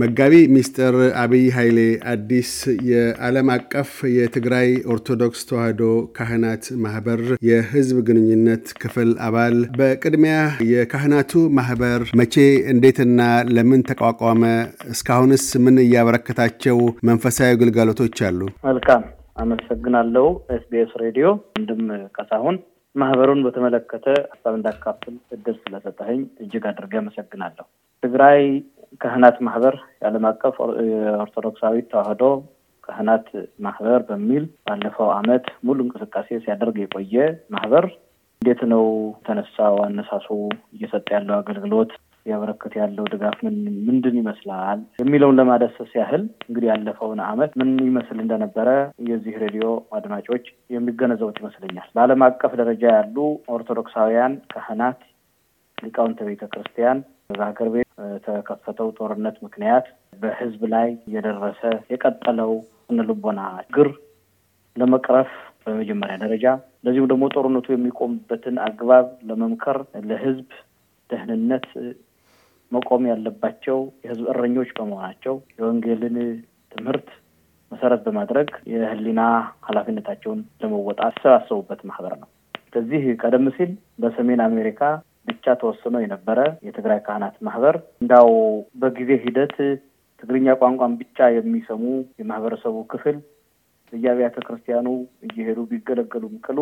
መጋቢ ሚስተር አብይ ኃይሌ አዲስ የዓለም አቀፍ የትግራይ ኦርቶዶክስ ተዋሕዶ ካህናት ማህበር የህዝብ ግንኙነት ክፍል አባል፣ በቅድሚያ የካህናቱ ማህበር መቼ እንዴትና ለምን ተቋቋመ? እስካሁንስ ምን እያበረከታቸው መንፈሳዊ ግልጋሎቶች አሉ? መልካም አመሰግናለው ኤስቢኤስ ሬዲዮ እንድም ከሳሁን ማህበሩን በተመለከተ ሀሳብ እንዳካፍል እድል ስለሰጠኝ እጅግ አድርገ አመሰግናለሁ። ትግራይ ካህናት ማህበር የዓለም አቀፍ ኦርቶዶክሳዊት ተዋህዶ ካህናት ማህበር በሚል ባለፈው አመት ሙሉ እንቅስቃሴ ሲያደርግ የቆየ ማህበር እንዴት ነው ተነሳው? አነሳሱ እየሰጠ ያለው አገልግሎት እያበረከተ ያለው ድጋፍ ምን ምንድን ይመስላል የሚለውን ለማደሰስ ያህል እንግዲህ ያለፈውን አመት ምን ይመስል እንደነበረ የዚህ ሬዲዮ አድማጮች የሚገነዘቡት ይመስለኛል። በዓለም አቀፍ ደረጃ ያሉ ኦርቶዶክሳውያን ካህናት ሊቃውንተ ቤተ ክርስቲያን በሀገር ቤት በተከፈተው ጦርነት ምክንያት በህዝብ ላይ የደረሰ የቀጠለው ስነልቦና ችግር ለመቅረፍ በመጀመሪያ ደረጃ እንደዚሁም ደግሞ ጦርነቱ የሚቆምበትን አግባብ ለመምከር ለህዝብ ደህንነት መቆም ያለባቸው የህዝብ እረኞች በመሆናቸው የወንጌልን ትምህርት መሰረት በማድረግ የህሊና ኃላፊነታቸውን ለመወጣት የተሰባሰቡበት ማህበር ነው። ከዚህ ቀደም ሲል በሰሜን አሜሪካ ብቻ ተወስኖ የነበረ የትግራይ ካህናት ማህበር እንዳው በጊዜ ሂደት ትግርኛ ቋንቋን ብቻ የሚሰሙ የማህበረሰቡ ክፍል በየአብያተ ክርስቲያኑ እየሄዱ ቢገለገሉ ቅሉ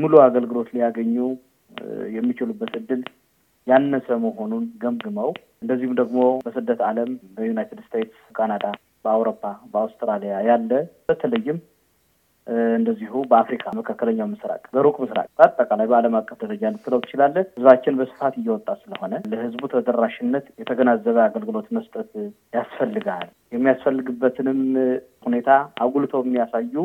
ሙሉ አገልግሎት ሊያገኙ የሚችሉበት እድል ያነሰ መሆኑን ገምግመው እንደዚሁም ደግሞ በስደት ዓለም በዩናይትድ ስቴትስ፣ ካናዳ፣ በአውሮፓ፣ በአውስትራሊያ ያለ በተለይም እንደዚሁ በአፍሪካ መካከለኛው ምስራቅ፣ በሩቅ ምስራቅ፣ በአጠቃላይ በዓለም አቀፍ ደረጃ ልትለው ትችላለህ። ህዝባችን በስፋት እየወጣ ስለሆነ ለህዝቡ ተደራሽነት የተገናዘበ አገልግሎት መስጠት ያስፈልጋል። የሚያስፈልግበትንም ሁኔታ አጉልተው የሚያሳዩ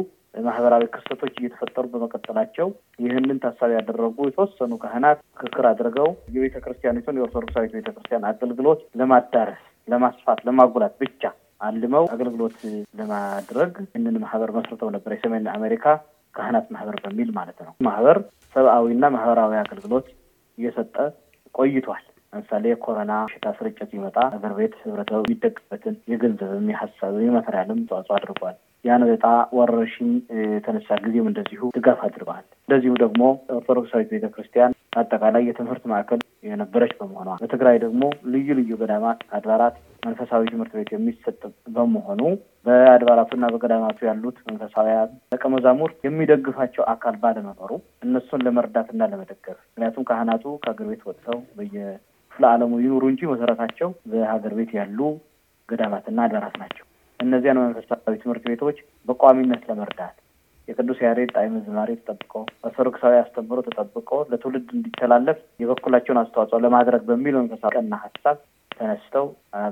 ማህበራዊ ክስተቶች እየተፈጠሩ በመቀጠላቸው ይህንን ታሳቢ ያደረጉ የተወሰኑ ካህናት ምክክር አድርገው የቤተ ክርስቲያኒቱን የኦርቶዶክሳዊት ቤተ ክርስቲያን አገልግሎት ለማዳረስ፣ ለማስፋት፣ ለማጉላት ብቻ አልመው አገልግሎት ለማድረግ ይህንን ማህበር መስርተው ነበር። የሰሜን አሜሪካ ካህናት ማህበር በሚል ማለት ነው። ማህበር ሰብአዊና ማህበራዊ አገልግሎት እየሰጠ ቆይቷል። ለምሳሌ የኮሮና በሽታ ስርጭት ሲመጣ አገር ቤት ህብረተሰቡ የሚደግፍበትን የገንዘብም የሀሳብም የማተሪያልም ተዋጽኦ አድርጓል። ያነጣ ወረርሽኝ የተነሳ ጊዜም እንደዚሁ ድጋፍ አድርገዋል። እንደዚሁ ደግሞ ኦርቶዶክሳዊት ቤተ ክርስቲያን አጠቃላይ የትምህርት ማዕከል የነበረች በመሆኗ በትግራይ ደግሞ ልዩ ልዩ ገዳማት፣ አድባራት መንፈሳዊ ትምህርት ቤት የሚሰጥ በመሆኑ በአድባራቱና በገዳማቱ ያሉት መንፈሳዊያን ደቀ መዛሙርት የሚደግፋቸው አካል ባለመኖሩ እነሱን ለመርዳትና ለመደገፍ ምክንያቱም ካህናቱ ከሀገር ቤት ወጥተው በየክፍለ ዓለሙ ይኑሩ እንጂ መሰረታቸው በሀገር ቤት ያሉ ገዳማትና አድባራት ናቸው። እነዚያን መንፈሳዊ ትምህርት ቤቶች በቋሚነት ለመርዳት የቅዱስ ያሬድ ጣዕመ ዝማሬ ተጠብቆ ኦርቶዶክሳዊ አስተምሮ ተጠብቆ ለትውልድ እንዲተላለፍ የበኩላቸውን አስተዋጽኦ ለማድረግ በሚል መንፈሳዊ ቀና ሀሳብ ተነስተው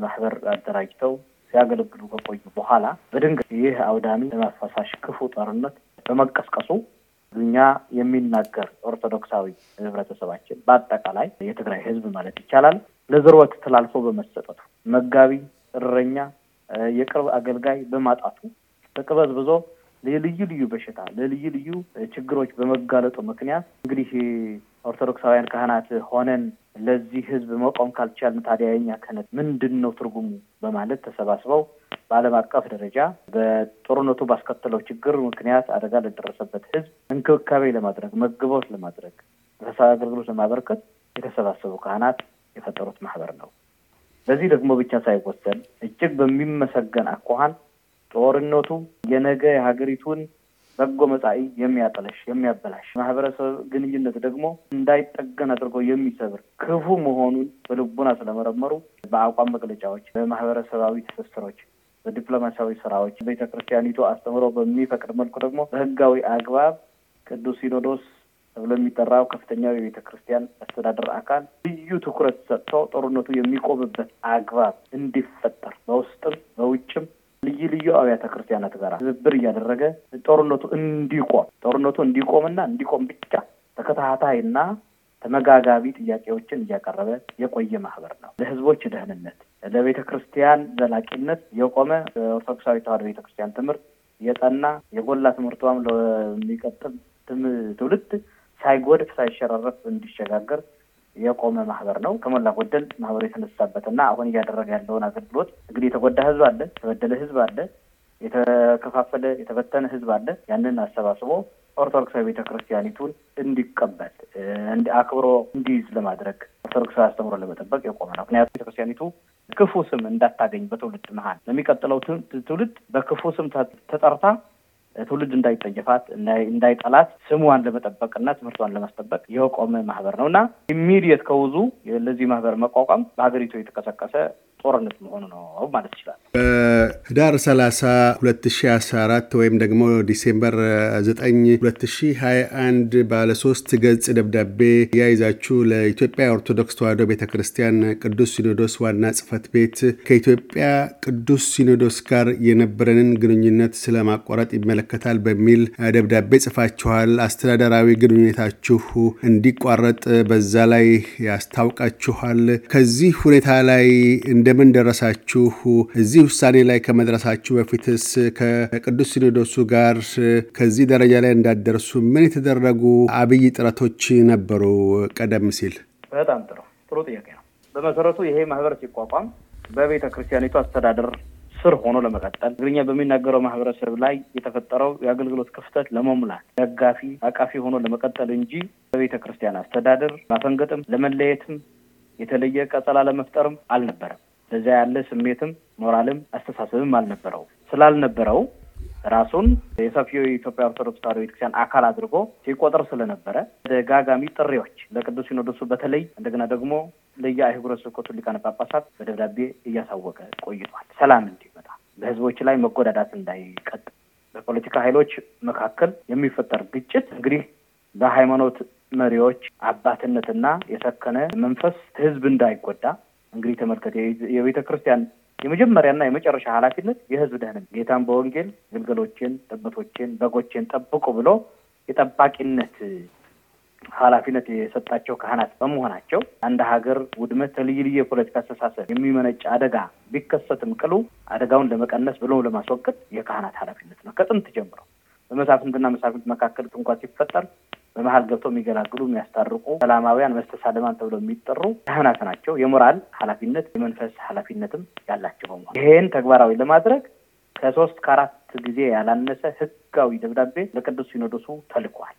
ማህበር አደራጅተው ሲያገለግሉ ከቆዩ በኋላ በድንገት ይህ አውዳሚ ለማፈሳሽ ክፉ ጦርነት በመቀስቀሱ እኛ የሚናገር ኦርቶዶክሳዊ ህብረተሰባችን በአጠቃላይ የትግራይ ህዝብ ማለት ይቻላል ለዝርወት ተላልፎ በመሰጠቱ መጋቢ፣ እረኛ፣ የቅርብ አገልጋይ በማጣቱ ብዞ ለልዩ ልዩ በሽታ ለልዩ ልዩ ችግሮች በመጋለጡ ምክንያት እንግዲህ ኦርቶዶክሳውያን ካህናት ሆነን ለዚህ ህዝብ መቆም ካልቻልን ታዲያ የኛ ክህነት ምንድን ነው ትርጉሙ? በማለት ተሰባስበው በዓለም አቀፍ ደረጃ በጦርነቱ ባስከተለው ችግር ምክንያት አደጋ ለደረሰበት ህዝብ እንክብካቤ ለማድረግ መግቦት ለማድረግ ረሳ አገልግሎት ለማበረከት የተሰባሰቡ ካህናት የፈጠሩት ማህበር ነው። በዚህ ደግሞ ብቻ ሳይወሰን እጅግ በሚመሰገን አኳኋን ጦርነቱ የነገ የሀገሪቱን በጎ መጻኢ የሚያጠለሽ የሚያበላሽ ማህበረሰብ ግንኙነት ደግሞ እንዳይጠገን አድርጎ የሚሰብር ክፉ መሆኑን በልቡና ስለመረመሩ በአቋም መግለጫዎች፣ በማህበረሰባዊ ትስስሮች፣ በዲፕሎማሲያዊ ስራዎች ቤተክርስቲያኒቱ አስተምሮ በሚፈቅድ መልኩ ደግሞ በህጋዊ አግባብ ቅዱስ ሲኖዶስ ተብሎ የሚጠራው ከፍተኛው የቤተ ክርስቲያን አስተዳደር አካል ልዩ ትኩረት ሰጥቶ ጦርነቱ የሚቆምበት አግባብ እንዲፈጠር በውስጥም ከልዩ አብያተ ክርስቲያናት ጋር ትብብር እያደረገ ጦርነቱ እንዲቆም ጦርነቱ እንዲቆምና እንዲቆም ብቻ ተከታታይና ተመጋጋቢ ጥያቄዎችን እያቀረበ የቆየ ማህበር ነው። ለህዝቦች ደህንነት፣ ለቤተ ክርስቲያን ዘላቂነት የቆመ ኦርቶዶክሳዊ ተዋሕዶ ቤተ ክርስቲያን ትምህርት የጠና የጎላ ትምህርቷም ለሚቀጥል ትውልድ ሳይጎድፍ ሳይሸራረፍ እንዲሸጋገር የቆመ ማህበር ነው። ከሞላ ጎደል ማህበሩ የተነሳበት እና አሁን እያደረገ ያለውን አገልግሎት እንግዲህ የተጎዳ ህዝብ አለ፣ የተበደለ ህዝብ አለ፣ የተከፋፈለ የተበተነ ህዝብ አለ። ያንን አሰባስቦ ኦርቶዶክሳዊ ቤተክርስቲያኒቱን እንዲቀበል አክብሮ እንዲይዝ ለማድረግ ኦርቶዶክሳዊ አስተምሮ ለመጠበቅ የቆመ ነው። ምክንያቱም ቤተክርስቲያኒቱ ክፉ ስም እንዳታገኝ በትውልድ መሀል ለሚቀጥለው ትውልድ በክፉ ስም ተጠርታ ትውልድ እንዳይጠየፋት እንዳይጠላት ስሟን ለመጠበቅና ትምህርቷን ለማስጠበቅ የቆመ ማህበር ነው እና ኢሚዲየት ከውዙ ለዚህ ማህበር መቋቋም በሀገሪቱ የተቀሰቀሰ ጦርነት መሆኑ ነው ማለት ይችላል። በህዳር 30 2014 ወይም ደግሞ ዲሴምበር 9 2021 ባለ ገጽ ደብዳቤ ያይዛችሁ ለኢትዮጵያ ኦርቶዶክስ ተዋሕዶ ቤተ ክርስቲያን ቅዱስ ሲኖዶስ ዋና ጽሕፈት ቤት ከኢትዮጵያ ቅዱስ ሲኖዶስ ጋር የነበረንን ግንኙነት ስለማቋረጥ ይመለከታል በሚል ደብዳቤ ጽፋችኋል። አስተዳደራዊ ግንኙነታችሁ እንዲቋረጥ በዛ ላይ ያስታውቃችኋል። ከዚህ ሁኔታ ላይ እንደ እንደምን ደረሳችሁ? እዚህ ውሳኔ ላይ ከመድረሳችሁ በፊትስ ከቅዱስ ሲኖዶሱ ጋር ከዚህ ደረጃ ላይ እንዳደርሱ ምን የተደረጉ አብይ ጥረቶች ነበሩ? ቀደም ሲል በጣም ጥሩ ጥሩ ጥያቄ ነው። በመሰረቱ ይሄ ማህበር ሲቋቋም በቤተ ክርስቲያኒቱ አስተዳደር ስር ሆኖ ለመቀጠል ትግርኛ በሚናገረው ማህበረሰብ ላይ የተፈጠረው የአገልግሎት ክፍተት ለመሙላት ደጋፊ አቃፊ ሆኖ ለመቀጠል እንጂ በቤተ ክርስቲያን አስተዳደር ማፈንገጥም ለመለየትም የተለየ ቀጠላ ለመፍጠርም አልነበረም። ለዛ ያለ ስሜትም ሞራልም አስተሳሰብም አልነበረው። ስላልነበረው ራሱን የሰፊው የኢትዮጵያ ኦርቶዶክስ ተዋሕዶ ቤተክርስቲያን አካል አድርጎ ሲቆጠር ስለነበረ ደጋጋሚ ጥሪዎች ለቅዱስ ሲኖዶሱ በተለይ እንደገና ደግሞ ለየአህጉረ ስብከቱ ሊቃነ ጳጳሳት በደብዳቤ እያሳወቀ ቆይቷል። ሰላም እንዲመጣ በህዝቦች ላይ መጎዳዳት እንዳይቀጥ በፖለቲካ ኃይሎች መካከል የሚፈጠር ግጭት እንግዲህ በሃይማኖት መሪዎች አባትነትና የሰከነ መንፈስ ህዝብ እንዳይጎዳ እንግዲህ ተመልከት፣ የቤተ ክርስቲያን የመጀመሪያና የመጨረሻ ኃላፊነት የህዝብ ደህንነት ጌታን በወንጌል ግልገሎችን፣ ጥብቶችን፣ በጎችን ጠብቁ ብሎ የጠባቂነት ኃላፊነት የሰጣቸው ካህናት በመሆናቸው አንድ ሀገር ውድመት ከልዩ ልዩ የፖለቲካ አስተሳሰብ የሚመነጭ አደጋ ቢከሰትም ቅሉ አደጋውን ለመቀነስ ብሎ ለማስወገድ የካህናት ኃላፊነት ነው። ከጥንት ጀምሮ በመሳፍንትና መሳፍንት መካከል እንኳ ሲፈጠር በመሀል ገብተው የሚገላግሉ የሚያስታርቁ ሰላማዊያን መስተሳለማን ተብለው የሚጠሩ ካህናት ናቸው። የሞራል ኃላፊነት የመንፈስ ኃላፊነትም ያላቸው በመሆን ይህን ተግባራዊ ለማድረግ ከሶስት ከአራት ጊዜ ያላነሰ ህጋዊ ደብዳቤ ለቅዱስ ሲኖዶሱ ተልኳል።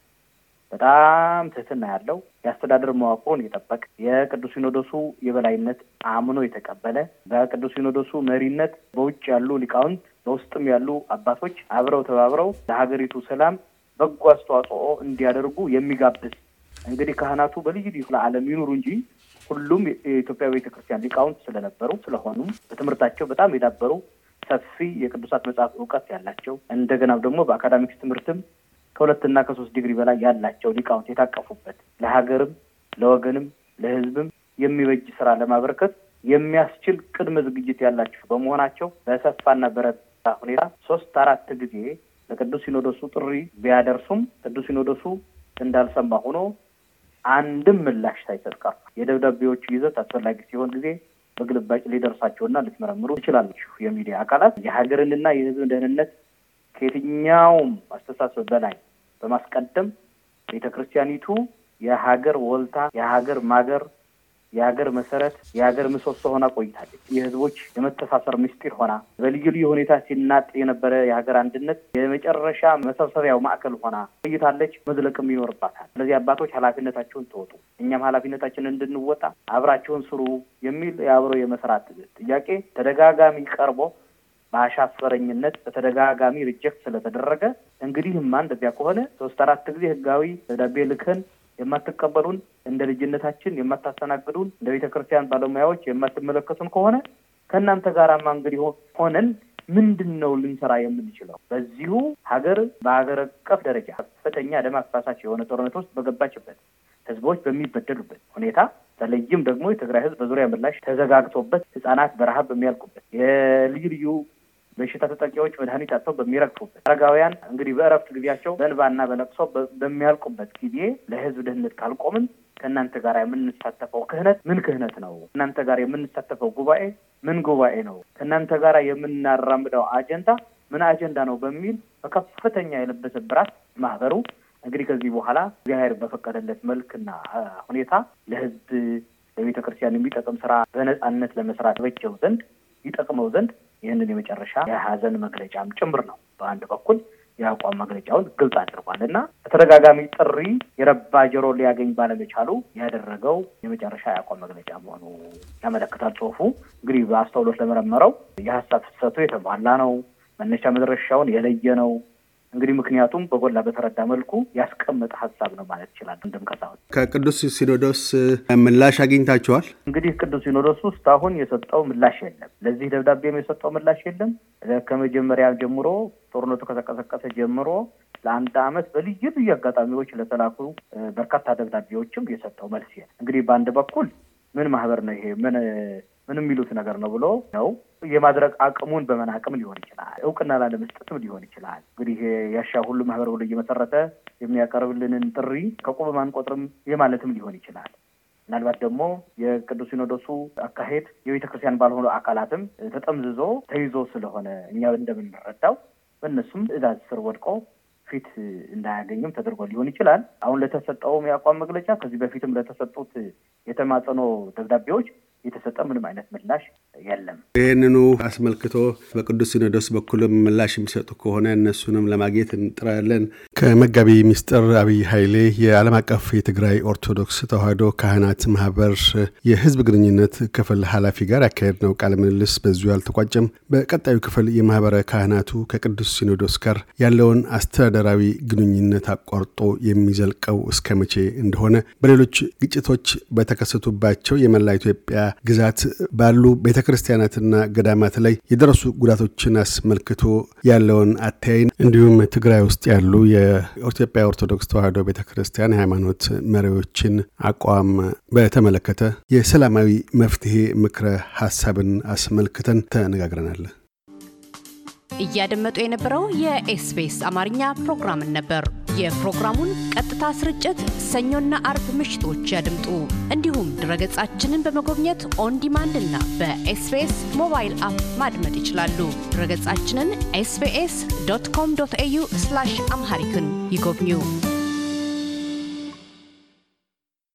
በጣም ትህትና ያለው የአስተዳደር መዋቅሩን የጠበቀ የቅዱስ ሲኖዶሱ የበላይነት አምኖ የተቀበለ በቅዱስ ሲኖዶሱ መሪነት በውጭ ያሉ ሊቃውንት በውስጥም ያሉ አባቶች አብረው ተባብረው ለሀገሪቱ ሰላም በጎ አስተዋጽኦ እንዲያደርጉ የሚጋብዝ እንግዲህ ካህናቱ በልዩ ልዩ ለዓለም ይኑሩ እንጂ ሁሉም የኢትዮጵያ ቤተክርስቲያን ሊቃውንት ስለነበሩ ስለሆኑም በትምህርታቸው በጣም የዳበሩ ሰፊ የቅዱሳት መጽሐፍ እውቀት ያላቸው እንደገና ደግሞ በአካዳሚክስ ትምህርትም ከሁለትና ከሶስት ዲግሪ በላይ ያላቸው ሊቃውንት የታቀፉበት ለሀገርም ለወገንም ለሕዝብም የሚበጅ ስራ ለማበረከት የሚያስችል ቅድመ ዝግጅት ያላቸው በመሆናቸው በሰፋና በረታ ሁኔታ ሶስት አራት ጊዜ ለቅዱስ ሲኖዶሱ ጥሪ ቢያደርሱም ቅዱስ ሲኖዶሱ እንዳልሰማ ሆኖ አንድም ምላሽ ሳይሰጥ ቀረ። የደብዳቤዎቹ ይዘት አስፈላጊ ሲሆን ጊዜ በግልባጭ ሊደርሳቸውና ልትመረምሩ ትችላለች። የሚዲያ አካላት የሀገርንና የሕዝብን ደህንነት ከየትኛውም አስተሳሰብ በላይ በማስቀደም ቤተ ክርስቲያኒቱ የሀገር ወልታ የሀገር ማገር የሀገር መሰረት የሀገር ምሰሶ ሆና ቆይታለች። የህዝቦች የመተሳሰር ምስጢር ሆና በልዩ ልዩ ሁኔታ ሲናጥ የነበረ የሀገር አንድነት የመጨረሻ መሰብሰቢያው ማዕከል ሆና ቆይታለች። መዝለቅም ይኖርባታል። ስለዚህ አባቶች ኃላፊነታቸውን ተወጡ፣ እኛም ኃላፊነታችንን እንድንወጣ አብራቸውን ስሩ የሚል የአብሮ የመስራት ጥያቄ ተደጋጋሚ ቀርቦ በአሻፈረኝነት በተደጋጋሚ ሪጀክት ስለተደረገ እንግዲህማ እንደዚያ ከሆነ ሶስት አራት ጊዜ ህጋዊ ደብዳቤ ልከን የማትቀበሉን፣ እንደ ልጅነታችን የማታስተናግዱን፣ እንደ ቤተ ክርስቲያን ባለሙያዎች የማትመለከቱን ከሆነ ከእናንተ ጋራማ እንግዲህ ሆነን ምንድን ነው ልንሰራ የምንችለው? በዚሁ ሀገር በሀገር አቀፍ ደረጃ ከፍተኛ ደም አፋሳሽ የሆነ ጦርነት ውስጥ በገባችበት ህዝቦች በሚበደሉበት ሁኔታ በተለይም ደግሞ የትግራይ ህዝብ በዙሪያ ምላሽ ተዘጋግቶበት ህጻናት በረሃብ በሚያልቁበት የልዩ ልዩ በሽታ ተጠቂዎች መድኃኒት አጥተው በሚረግፉበት፣ አረጋውያን እንግዲህ በእረፍት ጊዜያቸው በእንባና በለቅሶ በሚያልቁበት ጊዜ ለህዝብ ደህንነት ካልቆምን ከእናንተ ጋር የምንሳተፈው ክህነት ምን ክህነት ነው? እናንተ ጋር የምንሳተፈው ጉባኤ ምን ጉባኤ ነው? ከእናንተ ጋር የምናራምደው አጀንዳ ምን አጀንዳ ነው? በሚል በከፍተኛ የለበሰ ብራት ማህበሩ እንግዲህ ከዚህ በኋላ እግዚአብሔር በፈቀደለት መልክና ሁኔታ ለህዝብ ለቤተ ክርስቲያን የሚጠቅም ስራ በነጻነት ለመስራት በቸው ዘንድ ይጠቅመው ዘንድ ይህንን የመጨረሻ የሀዘን መግለጫም ጭምር ነው በአንድ በኩል የአቋም መግለጫውን ግልጽ አድርጓል እና በተደጋጋሚ ጥሪ የረባ ጆሮ ሊያገኝ ባለመቻሉ ያደረገው የመጨረሻ የአቋም መግለጫ መሆኑ ያመለክታል። ጽሁፉ እንግዲህ በአስተውሎት ለመረመረው የሀሳብ ፍሰቱ የተሟላ ነው፣ መነሻ መድረሻውን የለየ ነው፣ እንግዲህ ምክንያቱም በጎላ በተረዳ መልኩ ያስቀመጠ ሀሳብ ነው ማለት ይችላል። እንደምከሳሁት ከቅዱስ ሲኖዶስ ምላሽ አግኝታችኋል? እንግዲህ ቅዱስ ሲኖዶስ ውስጥ አሁን የሰጠው ምላሽ የለም። ለዚህ ደብዳቤም የሰጠው ምላሽ የለም። ከመጀመሪያ ጀምሮ ጦርነቱ ከተቀሰቀሰ ጀምሮ ለአንድ አመት በልዩ ልዩ አጋጣሚዎች ለተላኩ በርካታ ደብዳቤዎችም የሰጠው መልስ እንግዲህ በአንድ በኩል ምን ማህበር ነው ይሄ ምን ምንም የሚሉት ነገር ነው ብሎ ነው የማድረግ አቅሙን በመናቅም ሊሆን ይችላል፣ እውቅና ላለመስጠትም ሊሆን ይችላል። እንግዲህ ያሻ ሁሉ ማህበር ብሎ እየመሰረተ የሚያቀርብልንን ጥሪ ከቁብ ማንቆጥርም የማለትም ሊሆን ይችላል። ምናልባት ደግሞ የቅዱስ ሲኖዶሱ አካሄድ የቤተ ክርስቲያን ባልሆኑ አካላትም ተጠምዝዞ ተይዞ ስለሆነ እኛ እንደምንረዳው በእነሱም እዛዝ ስር ወድቆ ፊት እንዳያገኝም ተደርጎ ሊሆን ይችላል። አሁን ለተሰጠውም የአቋም መግለጫ ከዚህ በፊትም ለተሰጡት የተማጸኖ ደብዳቤዎች የተሰጠ ምንም አይነት ምላሽ የለም። ይህንኑ አስመልክቶ በቅዱስ ሲኖዶስ በኩልም ምላሽ የሚሰጡ ከሆነ እነሱንም ለማግኘት እንጥራለን። ከመጋቢ ሚስጥር አብይ ኃይሌ የዓለም አቀፍ የትግራይ ኦርቶዶክስ ተዋሕዶ ካህናት ማህበር የህዝብ ግንኙነት ክፍል ኃላፊ ጋር ያካሄድ ነው ቃለ ምልልስ በዚሁ አልተቋጨም። በቀጣዩ ክፍል የማህበረ ካህናቱ ከቅዱስ ሲኖዶስ ጋር ያለውን አስተዳደራዊ ግንኙነት አቋርጦ የሚዘልቀው እስከ መቼ እንደሆነ፣ በሌሎች ግጭቶች በተከሰቱባቸው የመላ ኢትዮጵያ ግዛት ባሉ ቤተ ክርስቲያናትና ገዳማት ላይ የደረሱ ጉዳቶችን አስመልክቶ ያለውን አተያይን እንዲሁም ትግራይ ውስጥ ያሉ የኢትዮጵያ ኦርቶዶክስ ተዋሕዶ ቤተ ክርስቲያን የሃይማኖት መሪዎችን አቋም በተመለከተ የሰላማዊ መፍትሄ ምክረ ሀሳብን አስመልክተን ተነጋግረናል። እያደመጡ የነበረው የኤስቢኤስ አማርኛ ፕሮግራምን ነበር። የፕሮግራሙን ቀጥታ ስርጭት ሰኞና አርብ ምሽቶች ያድምጡ። እንዲሁም ድረገጻችንን በመጎብኘት ኦን ዲማንድ እና በኤስቢኤስ ሞባይል አፕ ማድመጥ ይችላሉ። ድረገጻችንን ኤስቢኤስ ዶት ኮም ዶት ኤዩ አምሃሪክን ይጎብኙ።